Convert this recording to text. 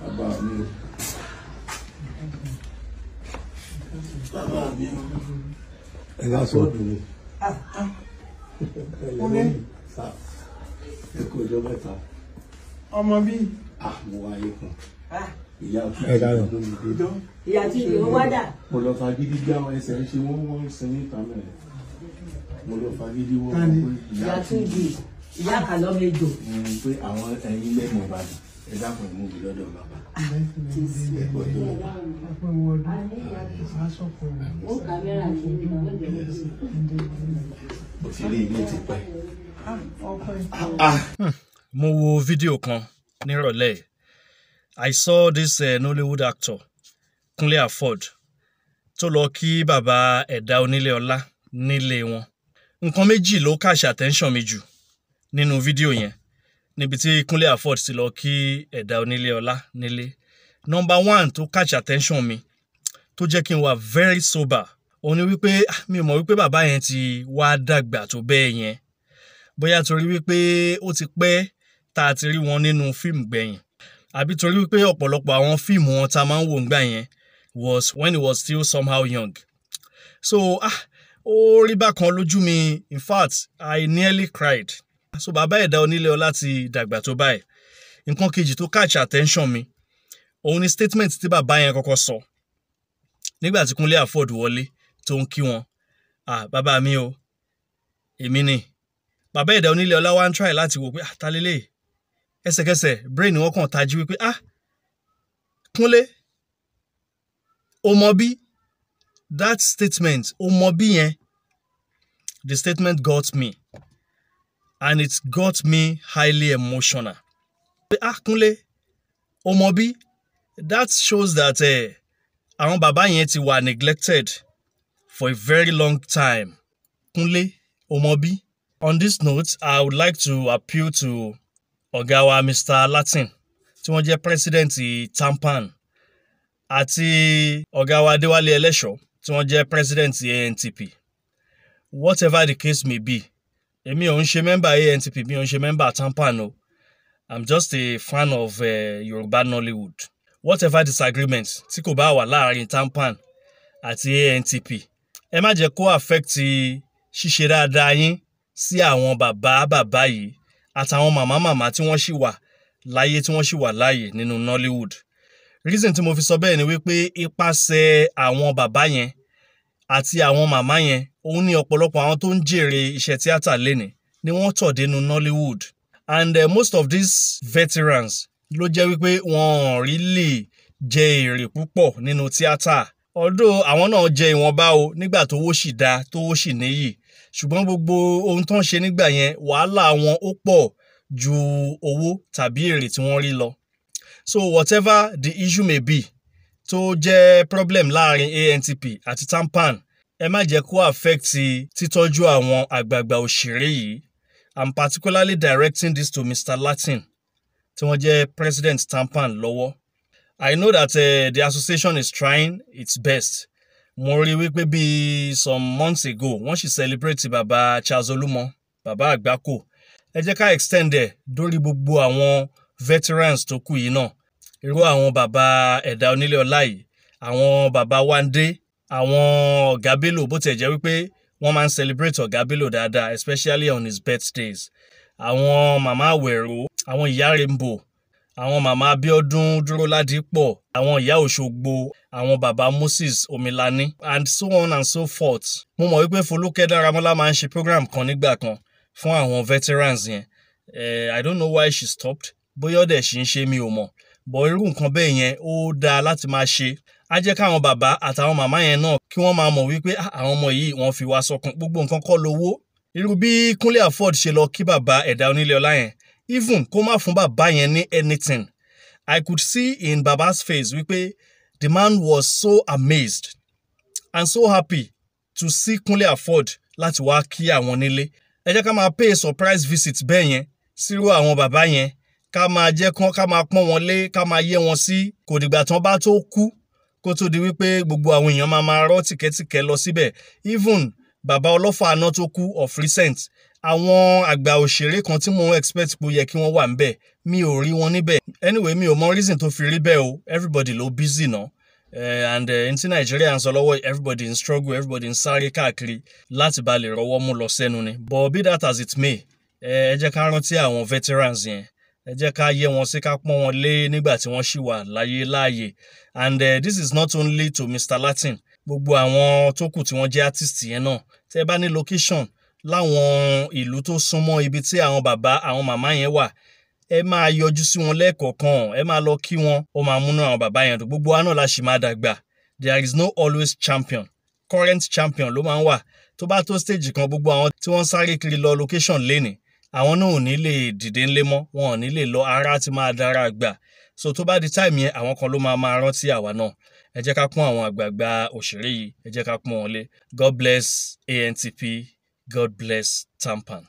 bàbá mi o bàbá mi o ẹ ká sọ ọdún mi ẹ lẹ́wọ̀n mi sá ẹ kó ọjọ́ mẹ́ta ọmọ bí ah, mo wáyé kan ah. ìyá tí ìwọ wá dà mo lọ fagídí bí àwọn ẹsẹ̀ ń ṣe wọ́n wọ́n ń sin ní ìtàn mẹ́rin mo lọ fagídí wọ́n pé ìyá tí ìyá kàlọ́ mi jò. pé àwọn ẹyin lẹ́mọ̀ọ́ bá mi ẹ dákun ìmú mi lọ́dọ̀ mo wo fídíò kan nírọ̀lẹ́ I saw this uh, Nollywood actor Kunle Afod tó lọ kí bàbá ẹ̀dá onílé ọlá nílé wọn nǹkan méjì ló catch attention mi jù nínú fídíò yẹn níbi tí Kúnlé Afod ti lọ kí ẹ̀dá onílé ọlá nílé nọmba one tó catch attention mi tó jẹ́ kí n wà very sober òun ni wípé mi mọ̀ wípé bàbá yẹn ti wá dàgbà tó bẹ́ẹ̀ yẹn bóyá torí wípé ó ti pẹ́ tá a ti rí wọn nínú fíìmù gbẹ̀yìn àbí torí wípé ọ̀pọ̀lọpọ̀ àwọn fíìmù wọn tá máa ń wò ńgbà yẹn was when he was still somehow young so ah ó rí bákan lójú mi in fact I nearly cried so bàbá ẹ̀dá onílé ọlá ti dàgbà tó báyìí nǹkan kejì tó catch attention mi òun ni statement tí bàbá yẹn kọ́kọ́ sọ nígbà tí Kúnlé Afọ́ọ̀dù wọlé tó ń kí wọn ah bàbá mi o èmi ni bàbá ẹ̀dá onílé ọlá wa ń try láti wò pé ah ta lélẹ̀ ẹsẹ̀kẹsẹ̀ brain wọn kàn tají wípé ah Kúnlé o mọ bí that statement o mọ bí yẹn the statement got me and it got me highly emotional. Ah, Omobi, that shows that eh, àwọn bàbá yẹn ti neglected for a very long time. Kúnlé, Omobi. On this note, I would like to appeal to Ogawa Mr. Latin tí wọ́n jẹ́ president TAMPAN àti Ogawa Dewali Adéwálé Ẹlẹ́ṣọ̀ tí wọ́n president ANTP. Whatever the case may be, Emi ò ń ṣe ANTP mi ò ń ṣe mẹ́mbà i'm just a fan of uh, Yorùbá Nollywood whatever disagreement tí kò bá wà láàrin TAMPAN ati ANTP ẹ má jẹ́ kó affect ṣíṣe dáadáa yín sí àwọn bàbá bàbá yìí àtàwọn màmá màmá tí wọ́n ṣì wà láyé tí wọ́n ṣì wà láàyè nínú Nollywood reason tí mo fi sọ bẹ́ẹ̀ ni wípé ipasẹ̀ àwọn bàbá yẹn àti àwọn màmá yẹn òun ni ọ̀pọ̀lọpọ̀ àwọn tó ń jèrè iṣẹ́ tíátà léni ni wọ́n tọ̀ dénú Nollywood and uh, most of these veterans ló jẹ́ wípé wọn ò rí lè jẹ èrè púpọ̀ nínú tíátà ọ̀dọ̀ àwọn náà jẹ ìwọ̀nba o nígbà tówó sì dá tówó sì níyì ṣùgbọ́n gbogbo ohun tó ń ṣe nígbà yẹn wàhálà wọn ó pọ̀ ju owó tàbí èrè tí wọ́n rí lọ so whatever the issue may be tó jẹ́ problem láàrin ANTP àti TAMPAN ẹ má jẹ́ kó affect títọ́jú àwọn àgbààgbà òṣèré yìí i'm particularly directing this to mr latin tí wọ́n jẹ́ president tampan lọ́wọ́ i know that uh, the association is trying its best mo rí wípé bíi some months ago wọ́n sì celebrate baba charles olúmọ baba àgbákò ẹ jẹ́ ká extend ẹ̀ dórí gbogbo àwọn veterans tó kù yìí náà irú àwọn baba ẹ̀dá onílé ọlá yìí àwọn baba wande àwọn ọ̀gá Bello bó tiẹ̀ jẹ́ wípé wọ́n máa ń celebrate ọ̀gá Bello dáadáa especially on his birthdays àwọn màmá àwẹ̀rò àwọn ìyá Rainbow àwọn màmá Abíọ́dún Dúróládípọ̀ àwọn ìyá Òṣogbo àwọn bàbá Moses Omilani and so on and so forth mo mọ̀ wípé Folúkẹ́ Dáramọ́lá máa ń ṣe program kan nígbà kan fún àwọn veterans yẹn eh, I don't know why she stopped bóyá ọ̀dẹ̀ ṣì ń ṣe mi ò mọ̀ bọ̀ irú nǹkan bẹ́ẹ̀ yẹn ó dáa láti máa ṣe á jẹ́ káwọn bàbá àtàwọn màmá yẹn náà kí wọ́n máa mọ̀ wípé ah, àwọn ọmọ yìí wọ́n fi wá sọkàn gbogbo nǹkan kọ́ lówó irú bí Kúnlé Afod ṣe lọ kí bàbá ẹ̀dá onílé ọlá yẹn even kó má fún bàbá yẹn ní anything I could see in baba's face wípé the man was so amazed and so happy to see Kúnlé Afod láti wá kí àwọn nílé ẹ jẹ́ ká máa pay surprise visit bẹ́ẹ̀ yẹn sírú àwọn bàbá yẹn ká máa jẹ́ kán ká máa pọ́n wọn lé ká máa yẹ́ wọn sí kò dìgbà tán bá tó kú kó tó di wípé gbogbo àwọn èèyàn máa máa rọ́ tìkẹ́tìkẹ́ lọ síbẹ̀ even bàbá ọlọ́fà aná tó kú of recent àwọn àgbà òṣèré kan tí mo expect pé ó yẹ kí wọ́n wà níbẹ̀ mi ò rí wọn níbẹ̀ anyway mi ò mọ reason tó fi rí bẹ́ẹ̀ o everybody ló busy náà. No? Uh, eh, and uh, ti Nàìjíríà ń sọ lọ́wọ́ everybody in struggle everybody ń sáré káàkiri láti ba lè rọwọ́ mú lọ sẹ́nu ni but be that as it may eh, ẹ jẹ́ ká rántí àwọn veterans yẹn ẹ jẹ́ ká yẹ wọn sí ká pọ́n wọn lé nígbà tí wọ́n ṣì wà láyé láàyè and uh, this is not only to Mr. Latin gbogbo àwọn tó kù tí wọ́n jẹ́ artist yẹn náà tẹ́ bá ní location láwọn ìlú tó súnmọ́ ibi tí àwọn bàbá àwọn màmá yẹn wà ẹ máa yọjú sí wọn lẹ́ẹ̀kọ̀ọ̀kan ẹ máa lọ kí wọn ó máa múnú àwọn bàbá yẹn dùn gbogbo wa náà la ṣì máa dàgbà there is no always champion current champion ló máa ń wà tó bá tó stage kan gbogbo àwọn tí wọ́n sáré kiri lọ location lénìí àwọn náà ò ní lè dìde ńlé mọ́ wọn ò ní lè lọ ara ti máa dára gbà so tó bá di táìmù yẹn àwọn kan ló máa máa rántí àwa náà ẹ jẹ́ ká pọ́n àwọn àgbààgbà òṣèré yìí ẹ jẹ́ ká pọ́n wọn lé God bless ANTP God bless TAMPAN.